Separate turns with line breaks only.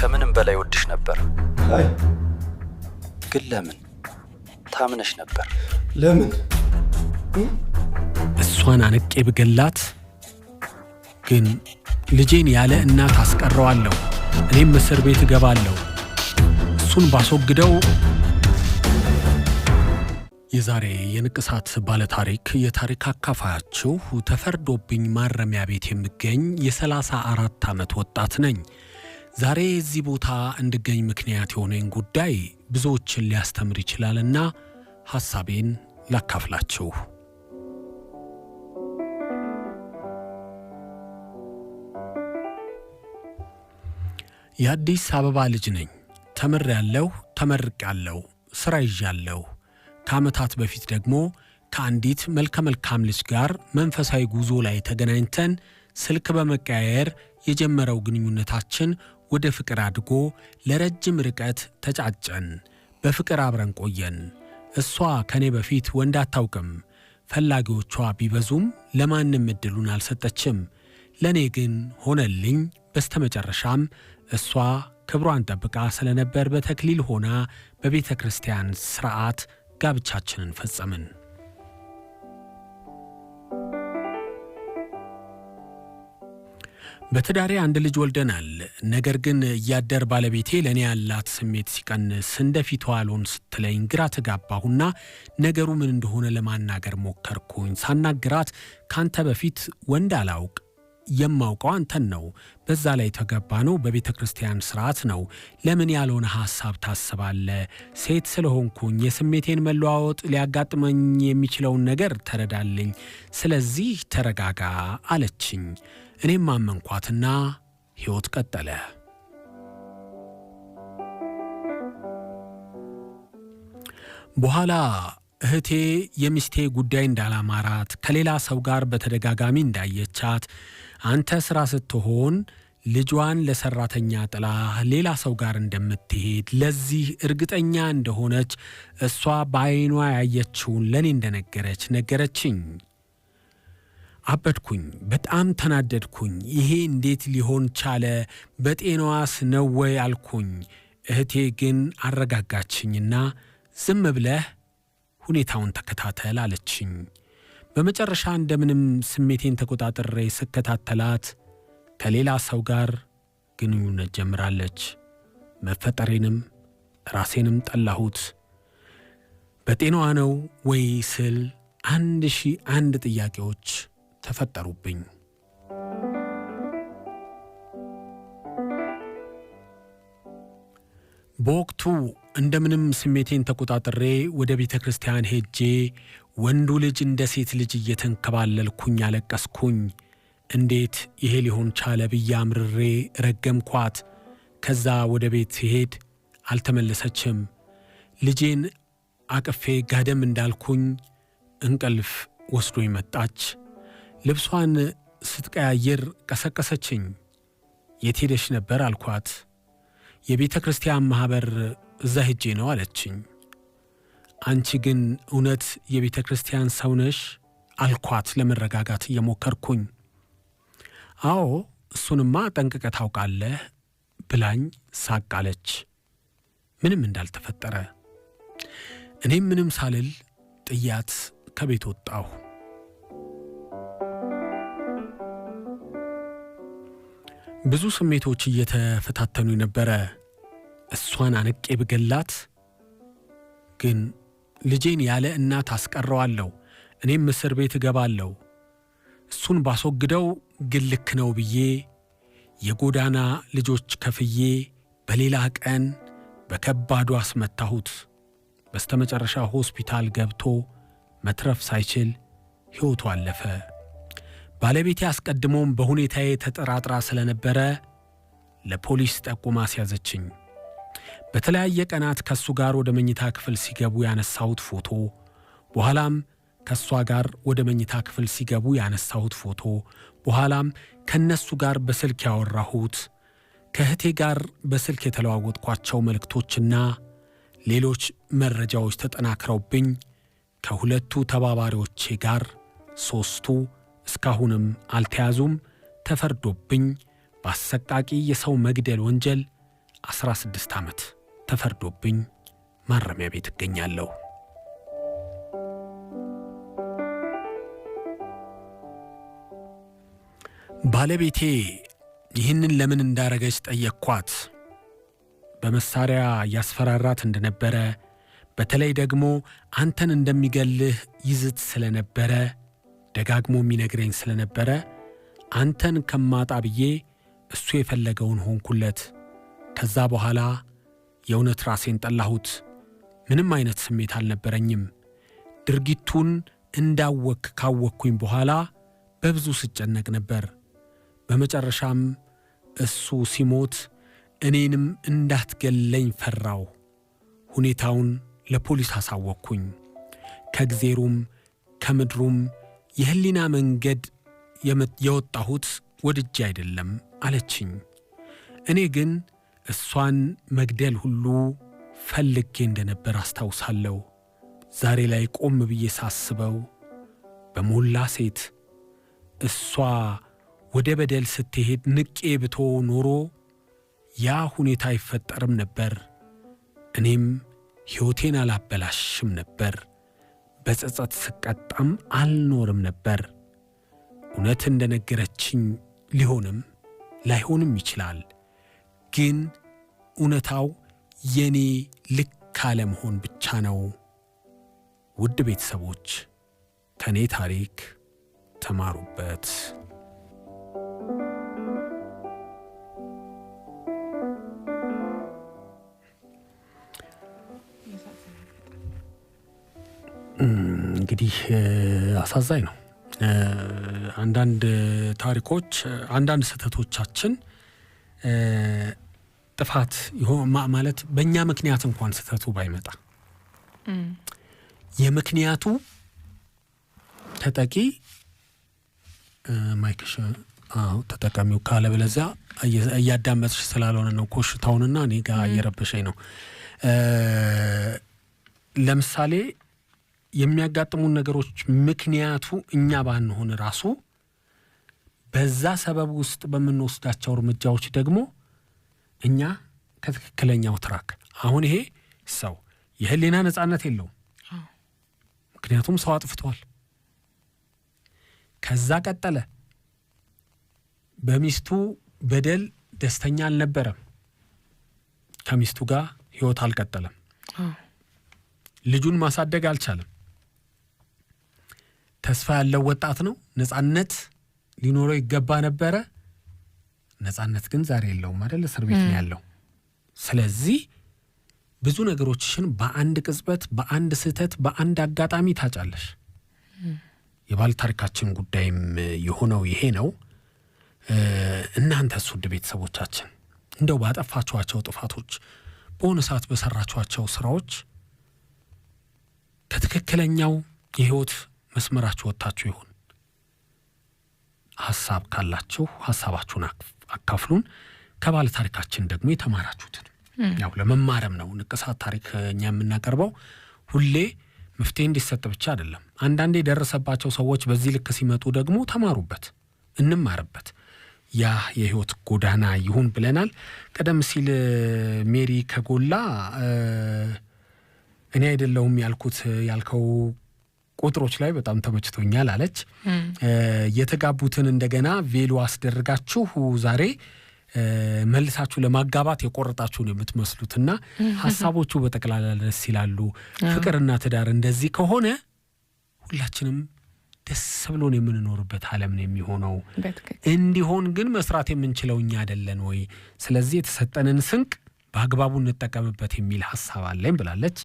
ከምንም በላይ ወድሽ ነበር። አይ ግን ለምን ታምነሽ ነበር?
ለምን
እሷን አንቄ ብገላት ግን ልጄን ያለ እናት አስቀረዋለሁ፣ እኔም እስር ቤት እገባለሁ። እሱን ባስወግደው የዛሬ የንቅሳት ባለታሪክ የታሪክ አካፋያችሁ ተፈርዶብኝ ማረሚያ ቤት የሚገኝ የ34 ዓመት ወጣት ነኝ። ዛሬ የዚህ ቦታ እንድገኝ ምክንያት የሆነኝ ጉዳይ ብዙዎችን ሊያስተምር ይችላልና ሐሳቤን ላካፍላችሁ። የአዲስ አበባ ልጅ ነኝ። ተምር ያለሁ ተመርቅ ያለሁ ሥራ ይዣለሁ። ከዓመታት በፊት ደግሞ ከአንዲት መልከ መልካም ልጅ ጋር መንፈሳዊ ጉዞ ላይ ተገናኝተን ስልክ በመቀያየር የጀመረው ግንኙነታችን ወደ ፍቅር አድጎ ለረጅም ርቀት ተጫጨን። በፍቅር አብረን ቆየን። እሷ ከኔ በፊት ወንድ አታውቅም። ፈላጊዎቿ ቢበዙም ለማንም እድሉን አልሰጠችም። ለእኔ ግን ሆነልኝ። በስተመጨረሻም እሷ ክብሯን ጠብቃ ስለነበር በተክሊል ሆና በቤተ ክርስቲያን ሥርዓት ጋብቻችንን ፈጸምን። በትዳሬ አንድ ልጅ ወልደናል። ነገር ግን እያደር ባለቤቴ ለእኔ ያላት ስሜት ሲቀንስ እንደፊቷ አልሆን ስትለኝ ግራ ተጋባሁና ነገሩ ምን እንደሆነ ለማናገር ሞከርኩኝ። ሳናግራት ካንተ በፊት ወንድ አላውቅ የማውቀው አንተን ነው። በዛ ላይ ተገባ ነው በቤተ ክርስቲያን ስርዓት ነው። ለምን ያልሆነ ሐሳብ ታስባለ? ሴት ስለሆንኩኝ የስሜቴን መለዋወጥ ሊያጋጥመኝ የሚችለውን ነገር ተረዳልኝ። ስለዚህ ተረጋጋ አለችኝ። እኔም አመንኳትና ሕይወት ቀጠለ። በኋላ እህቴ የሚስቴ ጉዳይ እንዳላማራት ከሌላ ሰው ጋር በተደጋጋሚ እንዳየቻት አንተ ሥራ ስትሆን ልጇን ለሰራተኛ ጥላ ሌላ ሰው ጋር እንደምትሄድ ለዚህ እርግጠኛ እንደሆነች እሷ በዐይኗ ያየችውን ለእኔ እንደነገረች ነገረችኝ። አበድኩኝ። በጣም ተናደድኩኝ። ይሄ እንዴት ሊሆን ቻለ? በጤናዋስ ነው ወይ አልኩኝ። እህቴ ግን አረጋጋችኝና ዝም ብለህ ሁኔታውን ተከታተል አለችኝ። በመጨረሻ እንደምንም ስሜቴን ተቆጣጠሬ ስከታተላት ከሌላ ሰው ጋር ግንኙነት ጀምራለች። መፈጠሬንም ራሴንም ጠላሁት። በጤናዋ ነው ወይ ስል አንድ ሺህ አንድ ጥያቄዎች ተፈጠሩብኝ። በወቅቱ እንደምንም ስሜቴን ተቆጣጥሬ ወደ ቤተ ክርስቲያን ሄጄ ወንዱ ልጅ እንደ ሴት ልጅ እየተንከባለልኩኝ አለቀስኩኝ እንዴት ይሄ ሊሆን ቻለ ብዬ አምርሬ ረገምኳት። ከዛ ወደ ቤት ሲሄድ አልተመለሰችም። ልጄን አቅፌ ጋደም እንዳልኩኝ እንቅልፍ ወስዶ መጣች። ልብሷን ስትቀያየር ቀሰቀሰችኝ። የት ሄደሽ ነበር አልኳት። የቤተ ክርስቲያን ማኅበር እዛ ሄጄ ነው አለችኝ። አንቺ ግን እውነት የቤተ ክርስቲያን ሰው ነሽ አልኳት ለመረጋጋት እየሞከርኩኝ። አዎ እሱንማ ጠንቅቀ ታውቃለህ ብላኝ ሳቅ አለች። ምንም እንዳልተፈጠረ እኔም ምንም ሳልል ጥያት ከቤት ወጣሁ። ብዙ ስሜቶች እየተፈታተኑ ነበረ። እሷን አንቄ ብገላት ግን ልጄን ያለ እናት አስቀረዋለሁ፣ እኔም እስር ቤት እገባለሁ። እሱን ባስወግደው ግን ልክ ነው ብዬ የጎዳና ልጆች ከፍዬ በሌላ ቀን በከባዱ አስመታሁት። በስተመጨረሻ ሆስፒታል ገብቶ መትረፍ ሳይችል ሕይወቱ አለፈ። ባለቤቴ አስቀድሞም በሁኔታዬ ተጠራጥራ ስለነበረ ለፖሊስ ጠቁማ አስያዘችኝ። በተለያየ ቀናት ከእሱ ጋር ወደ መኝታ ክፍል ሲገቡ ያነሳሁት ፎቶ፣ በኋላም ከእሷ ጋር ወደ መኝታ ክፍል ሲገቡ ያነሳሁት ፎቶ፣ በኋላም ከእነሱ ጋር በስልክ ያወራሁት፣ ከእህቴ ጋር በስልክ የተለዋወጥኳቸው መልእክቶችና ሌሎች መረጃዎች ተጠናክረውብኝ ከሁለቱ ተባባሪዎቼ ጋር ሦስቱ እስካሁንም አልተያዙም። ተፈርዶብኝ በአሰቃቂ የሰው መግደል ወንጀል 16 ዓመት ተፈርዶብኝ ማረሚያ ቤት እገኛለሁ። ባለቤቴ ይህንን ለምን እንዳረገች ጠየቅኳት። በመሳሪያ ያስፈራራት እንደነበረ በተለይ ደግሞ አንተን እንደሚገልህ ይዝት ስለነበረ ደጋግሞ የሚነግረኝ ስለነበረ አንተን ከማጣ ብዬ እሱ የፈለገውን ሆንኩለት። ከዛ በኋላ የእውነት ራሴን ጠላሁት። ምንም አይነት ስሜት አልነበረኝም። ድርጊቱን እንዳወክ ካወቅኩኝ በኋላ በብዙ ስጨነቅ ነበር። በመጨረሻም እሱ ሲሞት እኔንም እንዳትገለኝ ፈራው። ሁኔታውን ለፖሊስ አሳወቅኩኝ። ከእግዜሩም ከምድሩም የህሊና መንገድ የወጣሁት ወድጄ አይደለም አለችኝ። እኔ ግን እሷን መግደል ሁሉ ፈልጌ እንደነበር አስታውሳለሁ። ዛሬ ላይ ቆም ብዬ ሳስበው በሞላ ሴት እሷ ወደ በደል ስትሄድ ንቄ ብቶ ኖሮ ያ ሁኔታ አይፈጠርም ነበር፣ እኔም ሕይወቴን አላበላሽም ነበር። በጸጸት ስቀጣም አልኖርም ነበር። እውነት እንደነገረችኝ ሊሆንም ላይሆንም ይችላል። ግን እውነታው የኔ ልክ አለመሆን ብቻ ነው። ውድ ቤተሰቦች ከእኔ ታሪክ ተማሩበት።
እንግዲህ አሳዛኝ ነው። አንዳንድ ታሪኮች፣ አንዳንድ ስህተቶቻችን ጥፋት ማለት በእኛ ምክንያት እንኳን ስህተቱ ባይመጣ የምክንያቱ ተጠቂ ማይክሽ ተጠቃሚው ካለ በለዚያ እያዳመጥሽ ስላልሆነ ነው። ኮሽታውንና እኔ ጋር እየረበሸኝ ነው። ለምሳሌ የሚያጋጥሙን ነገሮች ምክንያቱ እኛ ባንሆን ራሱ በዛ ሰበብ ውስጥ በምንወስዳቸው እርምጃዎች ደግሞ እኛ ከትክክለኛው ትራክ አሁን ይሄ ሰው የህሊና ነጻነት የለውም። ምክንያቱም ሰው አጥፍቷል። ከዛ ቀጠለ። በሚስቱ በደል ደስተኛ አልነበረም። ከሚስቱ ጋር ህይወት አልቀጠለም። ልጁን ማሳደግ አልቻለም። ተስፋ ያለው ወጣት ነው። ነጻነት ሊኖረው ይገባ ነበረ። ነጻነት ግን ዛሬ የለውም አይደል? እስር ቤት ነው ያለው። ስለዚህ ብዙ ነገሮችሽን በአንድ ቅጽበት፣ በአንድ ስህተት፣ በአንድ አጋጣሚ ታጫለሽ። የባል ታሪካችን ጉዳይም የሆነው ይሄ ነው። እናንተ ሱድ ቤተሰቦቻችን እንደው ባጠፋችኋቸው ጥፋቶች፣ በሆነ ሰዓት በሰራችኋቸው ስራዎች ከትክክለኛው የህይወት መስመራችሁ ወጥታችሁ ይሁን። ሀሳብ ካላችሁ ሀሳባችሁን አካፍሉን። ከባለ ታሪካችን ደግሞ የተማራችሁትን ያው ለመማረም ነው ንቅሳት ታሪክ እኛ የምናቀርበው ሁሌ መፍትሄ እንዲሰጥ ብቻ አይደለም። አንዳንዴ የደረሰባቸው ሰዎች በዚህ ልክ ሲመጡ ደግሞ ተማሩበት፣ እንማርበት። ያ የህይወት ጎዳና ይሁን ብለናል። ቀደም ሲል ሜሪ ከጎላ እኔ አይደለሁም ያልኩት ያልከው ቁጥሮች ላይ በጣም ተመችቶኛል አለች። የተጋቡትን እንደገና ቬሎ አስደርጋችሁ ዛሬ መልሳችሁ ለማጋባት የቆረጣችሁ ነው የምትመስሉትና ሀሳቦቹ በጠቅላላ ደስ ይላሉ። ፍቅርና ትዳር እንደዚህ ከሆነ ሁላችንም ደስ ብሎን የምንኖርበት ዓለም ነው የሚሆነው። እንዲሆን ግን መስራት የምንችለው እኛ አይደለን ወይ? ስለዚህ የተሰጠንን ስንቅ በአግባቡ እንጠቀምበት የሚል ሀሳብ አለኝ ብላለች።